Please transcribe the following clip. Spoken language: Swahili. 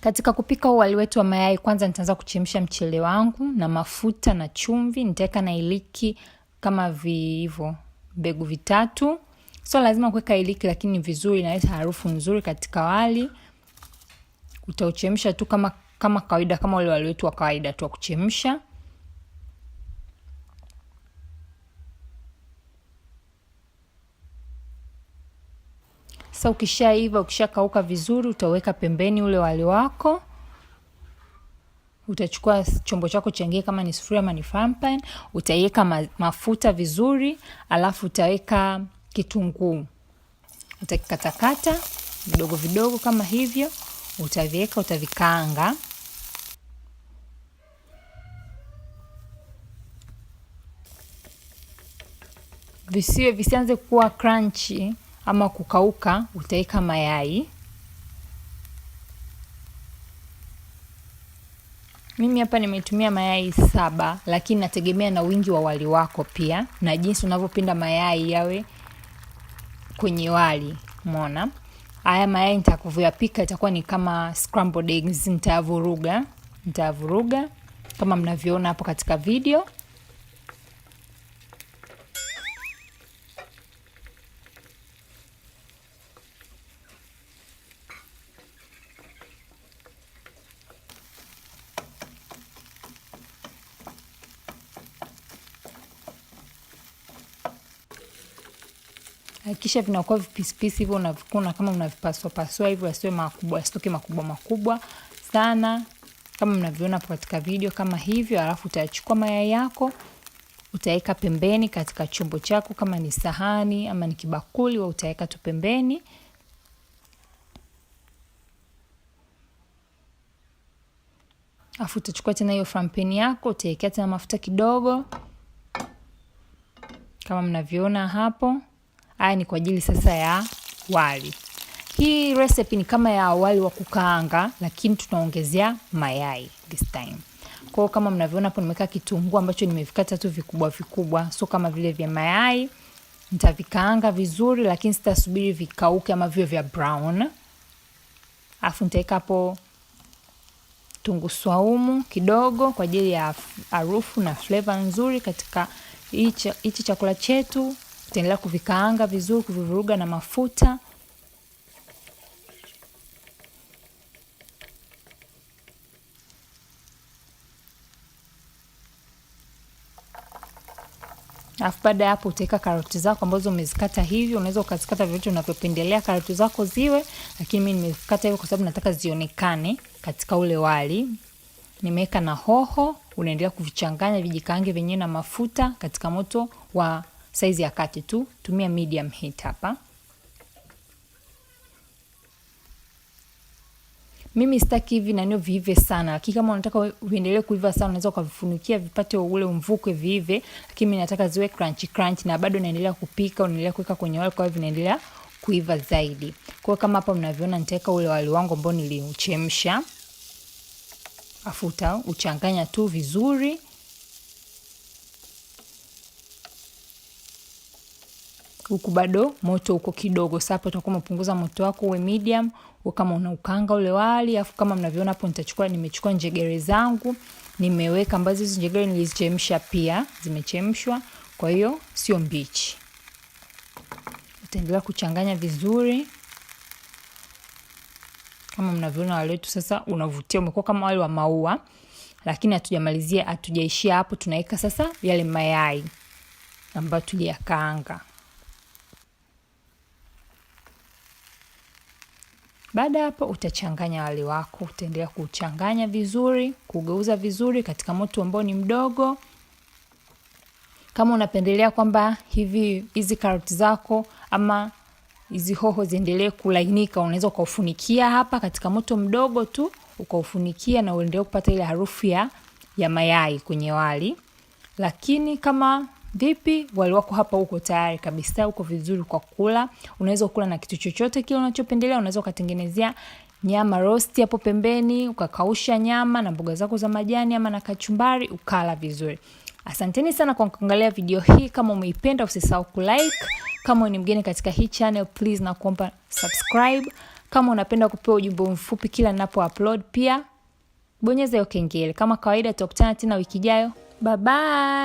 Katika kupika uwali wetu wa mayai, kwanza nitaanza kuchemsha mchele wangu na mafuta na chumvi. Nitaweka na iliki kama hivyo mbegu vitatu. So lazima kuweka iliki, lakini ni vizuri, inaleta harufu nzuri katika wali. Utauchemsha tu kama kama kawaida, kama ule wali wetu wa kawaida tu wa kuchemsha. Sasa ukishaiva, ukishakauka vizuri, utaweka pembeni ule wali wako. Utachukua chombo chako chengine, kama ni sufuria ama ni frying pan, utaiweka ma mafuta vizuri, alafu utaweka kitunguu, utakikatakata vidogo vidogo kama hivyo, utaviweka, utavikaanga visiwe, visianze kuwa crunchy ama kukauka, utaweka mayai. Mimi hapa nimetumia mayai saba, lakini nategemea na wingi wa wali wako pia na jinsi unavyopinda mayai yawe kwenye wali. Umeona haya mayai nitakavyoyapika itakuwa ni kama scrambled eggs. Nitayavuruga, nitayavuruga kama mnavyoona hapo katika video. Hakikisha vinakuwa vipisipisi hivyo, unavikuna kama unavipasua pasua hivyo, yasiwe makubwa, yasitoke makubwa makubwa sana kama mnavyoona katika video kama hivyo. Alafu utayachukua mayai yako utaweka pembeni katika chombo chako, kama ni sahani ama ni kibakuli, wewe utaweka tu pembeni. Alafu utachukua tena hiyo frampeni yako utaekea tena mafuta kidogo, kama mnavyoona hapo. Haya ni kwa ajili sasa ya wali. Hii recipe ni kama ya wali wa kukaanga, lakini tunaongezea mayai this time. Kwa hiyo kama mnavyoona hapo, nimeweka kitunguu ambacho nimevikata tu vikubwa vikubwa, so kama vile vya mayai. Nitavikaanga vizuri, lakini sitasubiri vikauke ama vio vya brown. Afu nitaweka hapo tungu swaumu kidogo kwa ajili ya harufu na flavor nzuri katika hichi chakula chetu. Tutaendelea kuvikaanga vizuri, kuvivuruga na mafuta. Alafu baada ya hapo utaweka karoti zako ambazo umezikata hivi. Unaweza ukazikata vyovyote unavyopendelea karoti zako ziwe, lakini mimi nimekata hivi kwa sababu nataka zionekane katika ule wali. Nimeweka na hoho, unaendelea kuvichanganya vijikaange vyenyewe na mafuta katika moto wa saizi ya kati tu, tumia medium heat hapa. Mimi sitaki hivi nanio viive sana, lakini kama unataka uendelee kuiva sana, unaweza ukavifunikia vipate ule mvuke viive, lakini mimi nataka ziwe crunchy crunchy, na bado naendelea kupika, unaendelea kuweka kwenye wali, kwa hivyo vinaendelea kuiva zaidi. Kwa hiyo kama hapa mnavyoona, nitaweka ule wali wangu ambao niliuchemsha, afuta uchanganya tu vizuri huku bado moto uko kidogo. sapo utakuwa umepunguza moto wako uwe medium, kama unaukanga ule wali. Afu kama mnavyoona hapo nitachukua nimechukua njegere zangu nimeweka, ambazo hizo njegere nilizichemsha pia, zimechemshwa kwa hiyo sio mbichi. Utaendelea kuchanganya vizuri kama mnavyoona wali wetu sasa unavutia, umekuwa kama wale wa maua, lakini hatujamalizia, hatujaishia hapo. Tunaweka sasa yale mayai ambayo tuliyakaanga. Baada ya hapo utachanganya wali wako, utaendelea kuchanganya vizuri, kugeuza vizuri katika moto ambao ni mdogo. Kama unapendelea kwamba hivi hizi karoti zako ama hizi hoho ziendelee kulainika, unaweza ukaufunikia hapa katika moto mdogo tu ukaufunikia, na uendelee kupata ile harufu ya ya mayai kwenye wali. Lakini kama Vipi, wali wako hapa uko tayari kabisa, uko vizuri kwa kula. Unaweza kula na kitu chochote kile unachopendelea. Unaweza ukatengenezea nyama rosti hapo pembeni, ukakausha nyama na mboga zako za majani ama na kachumbari, ukala vizuri. Asanteni sana kwa kuangalia video hii. Kama umeipenda usisahau kulike. Kama ni mgeni katika hii channel, please na kuomba subscribe. Kama unapenda kupewa ujumbe mfupi kila ninapo upload, pia bonyeza hiyo kengele. Kama kawaida, tutakutana tena wiki ijayo. Bye bye.